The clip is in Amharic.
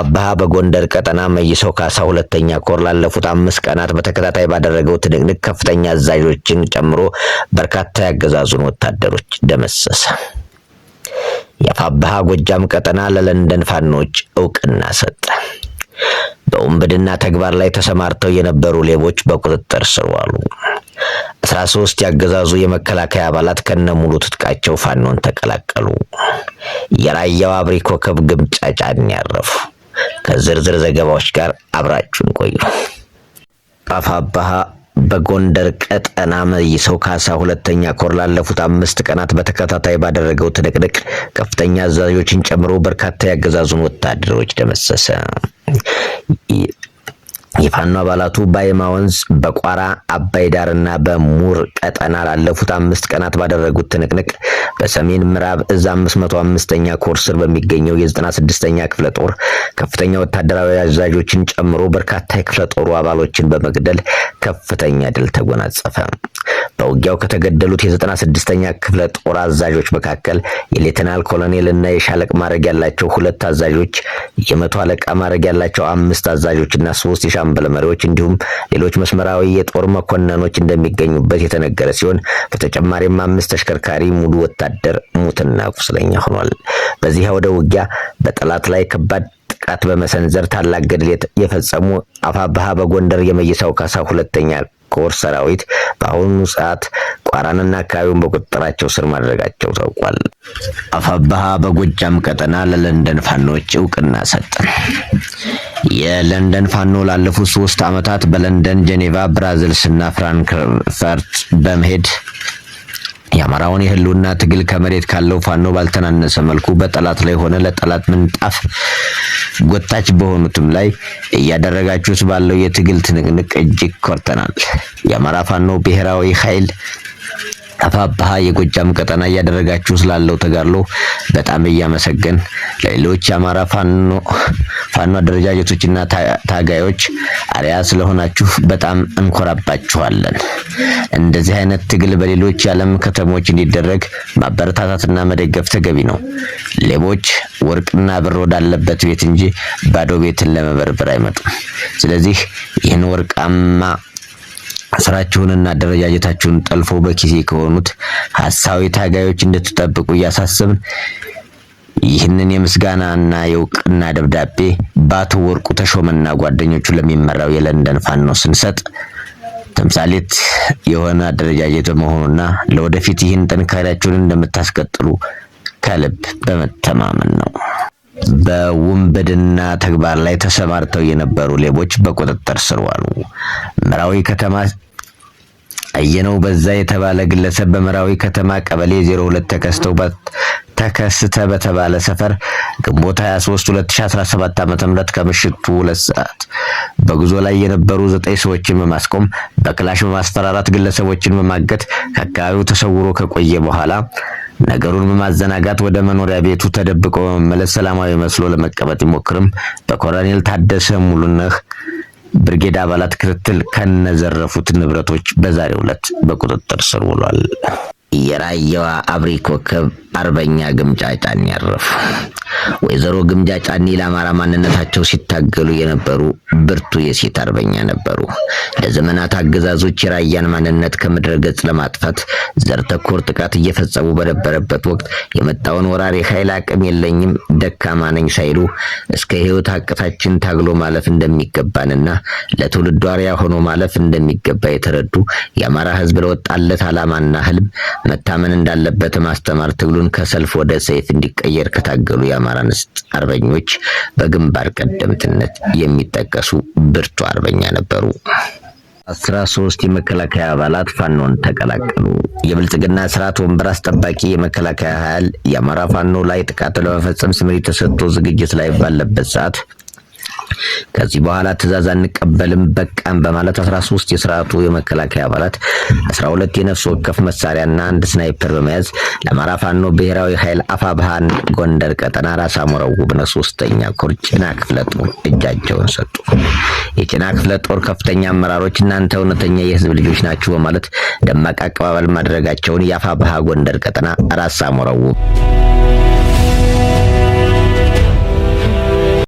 ካባሃ በጎንደር ቀጠና መይሰው ካሳ ሁለተኛ ኮር ላለፉት አምስት ቀናት በተከታታይ ባደረገው ትንቅንቅ ከፍተኛ አዛዦችን ጨምሮ በርካታ ያገዛዙን ወታደሮች ደመሰሰ። የፋባሃ ጎጃም ቀጠና ለለንደን ፋኖች እውቅና ሰጠ። በውንብድና ተግባር ላይ ተሰማርተው የነበሩ ሌቦች በቁጥጥር ስር ዋሉ። አስራ ሶስት ያገዛዙ የመከላከያ አባላት ከነሙሉ ትጥቃቸው ፋኖን ተቀላቀሉ። የራያው አብሪ ኮከብ ግምጫ ጫን ያረፉ። ከዝርዝር ዘገባዎች ጋር አብራችሁን ቆዩ። አፋባሃ በጎንደር ቀጠና መይሰው ካሳ ሁለተኛ ኮር ላለፉት አምስት ቀናት በተከታታይ ባደረገው ትንቅንቅ ከፍተኛ አዛዦችን ጨምሮ በርካታ ያገዛዙን ወታደሮች ደመሰሰ። የፋኖ አባላቱ ባይማ ወንዝ በቋራ አባይ ዳርና በሙር ቀጠና ላለፉት አምስት ቀናት ባደረጉት ትንቅንቅ በሰሜን ምዕራብ እዝ 505ኛ ኮር ስር በሚገኘው የ96ኛ ክፍለ ጦር ከፍተኛ ወታደራዊ አዛዦችን ጨምሮ በርካታ የክፍለ ጦሩ አባሎችን በመግደል ከፍተኛ ድል ተጎናጸፈ። በውጊያው ከተገደሉት የዘጠና ስድስተኛ ክፍለ ጦር አዛዦች መካከል የሌተናል ኮሎኔል እና የሻለቅ ማድረግ ያላቸው ሁለት አዛዦች፣ የመቶ አለቃ ማድረግ ያላቸው አምስት አዛዦች እና ሶስት የሻምበል መሪዎች እንዲሁም ሌሎች መስመራዊ የጦር መኮንኖች እንደሚገኙበት የተነገረ ሲሆን በተጨማሪም አምስት ተሽከርካሪ ሙሉ ወታደር ሙትና ቁስለኛ ሆኗል። በዚህ አውደ ውጊያ በጠላት ላይ ከባድ ጥቃት በመሰንዘር ታላቅ ገድል የፈጸሙ አፋብኃ በጎንደር የመይሳው ካሳ ሁለተኛ ኮር ሰራዊት በአሁኑ ሰዓት ቋራንና አካባቢውን በቁጥጥራቸው ስር ማድረጋቸው ታውቋል። አፋባሃ በጎጃም ቀጠና ለለንደን ፋኖች እውቅና ሰጠ። የለንደን ፋኖ ላለፉት ሶስት ዓመታት በለንደን፣ ጄኔቫ፣ እና ፍራንክፈርት በመሄድ የአማራውን የህልውና ትግል ከመሬት ካለው ፋኖ ባልተናነሰ መልኩ በጠላት ላይ ሆነ ለጠላት ምንጣፍ ጎታች በሆኑትም ላይ እያደረጋችሁት ባለው የትግል ትንቅንቅ እጅግ ኮርተናል። የአማራ ፋኖ ብሔራዊ ኃይል ከፋብሃ የጎጃም ቀጠና እያደረጋችሁ ስላለው ተጋድሎ በጣም እያመሰገን ለሌሎች የአማራ ፋኖ ፋኖ አደረጃጀቶችና ታጋዮች አርያ ስለሆናችሁ በጣም እንኮራባችኋለን። እንደዚህ አይነት ትግል በሌሎች የዓለም ከተሞች እንዲደረግ ማበረታታትና መደገፍ ተገቢ ነው። ሌቦች ወርቅና ብር ወዳለበት ቤት እንጂ ባዶ ቤትን ለመበርበር አይመጡም። ስለዚህ ይህን ወርቃማ ስራችሁንና አደረጃጀታችሁን ጠልፎ በኪሴ ከሆኑት ሀሳዊ ታጋዮች እንድትጠብቁ እያሳሰብን ይህንን የምስጋናና የእውቅና ደብዳቤ በአቶ ወርቁ ተሾመና ጓደኞቹ ለሚመራው የለንደን ፋኖ ስንሰጥ ተምሳሌት የሆነ አደረጃጀት በመሆኑና ለወደፊት ይህን ጥንካሬያችሁን እንደምታስቀጥሉ ከልብ በመተማመን ነው። በውንብድና ተግባር ላይ ተሰማርተው የነበሩ ሌቦች በቁጥጥር ስር ዋሉ። ምራዊ ከተማ አየነው በዛ የተባለ ግለሰብ በመራዊ ከተማ ቀበሌ 02 ተከስተው ተከስተ በተባለ ሰፈር ግንቦት 23 2017 ዓ.ም ከምሽቱ ሁለት ሰዓት በጉዞ ላይ የነበሩ ዘጠኝ ሰዎችን በማስቆም በክላሽ በማስፈራራት ግለሰቦችን በማገት ከአካባቢው ተሰውሮ ከቆየ በኋላ ነገሩን በማዘናጋት ወደ መኖሪያ ቤቱ ተደብቆ በመመለስ ሰላማዊ መስሎ ለመቀመጥ ይሞክርም። በኮሎኔል ታደሰ ሙሉነህ ብርጌድ አባላት ክትትል ከነዘረፉት ንብረቶች በዛሬው ዕለት በቁጥጥር ስር ውሏል። የራየዋ አብሪ ኮከብ አርበኛ ግምጃ ጫኔ ያረፉ። ወይዘሮ ግምጃ ጫኔ ለአማራ ማንነታቸው ሲታገሉ የነበሩ ብርቱ የሴት አርበኛ ነበሩ። ለዘመናት አገዛዞች የራያን ማንነት ከምድረ ገጽ ለማጥፋት ዘር ተኮር ጥቃት እየፈጸሙ በነበረበት ወቅት የመጣውን ወራሪ ኃይል አቅም የለኝም ደካማ ነኝ ሳይሉ እስከ ሕይወት አቅታችን ታግሎ ማለፍ እንደሚገባንና ለትውልድ ዋሪያ ሆኖ ማለፍ እንደሚገባ የተረዱ የአማራ ሕዝብ ለወጣለት ዓላማና ህልም መታመን እንዳለበት ማስተማር ትግሉን ከሰልፍ ወደ ሰይፍ እንዲቀየር ከታገሉ የአማራ ንስጥ አርበኞች በግንባር ቀደምትነት የሚጠቀሱ ብርቱ አርበኛ ነበሩ። አስራ ሶስት የመከላከያ አባላት ፋኖን ተቀላቀሉ። የብልጽግና ስርዓት ወንበር አስጠባቂ የመከላከያ ኃይል የአማራ ፋኖ ላይ ጥቃት ለመፈጸም ስምሪት ተሰጥቶ ዝግጅት ላይ ባለበት ሰዓት ከዚህ በኋላ ትዕዛዝ አንቀበልም በቃም በማለት 13 የስርዓቱ የመከላከያ አባላት 12 የነፍስ ወከፍ መሳሪያና አንድ ስናይፐር በመያዝ ለአማራ ፋኖ ብሔራዊ ኃይል አፋብሃን ጎንደር ቀጠና ራስ አሞራው ውብነህ ሶስተኛ ኮር ጭና ክፍለ ጦር እጃቸውን ሰጡ። የጭና ክፍለ ጦር ከፍተኛ አመራሮች እናንተ እውነተኛ የህዝብ ልጆች ናችሁ በማለት ደማቅ አቀባበል ማድረጋቸውን የአፋብሃ ጎንደር ቀጠና ራስ አሞራው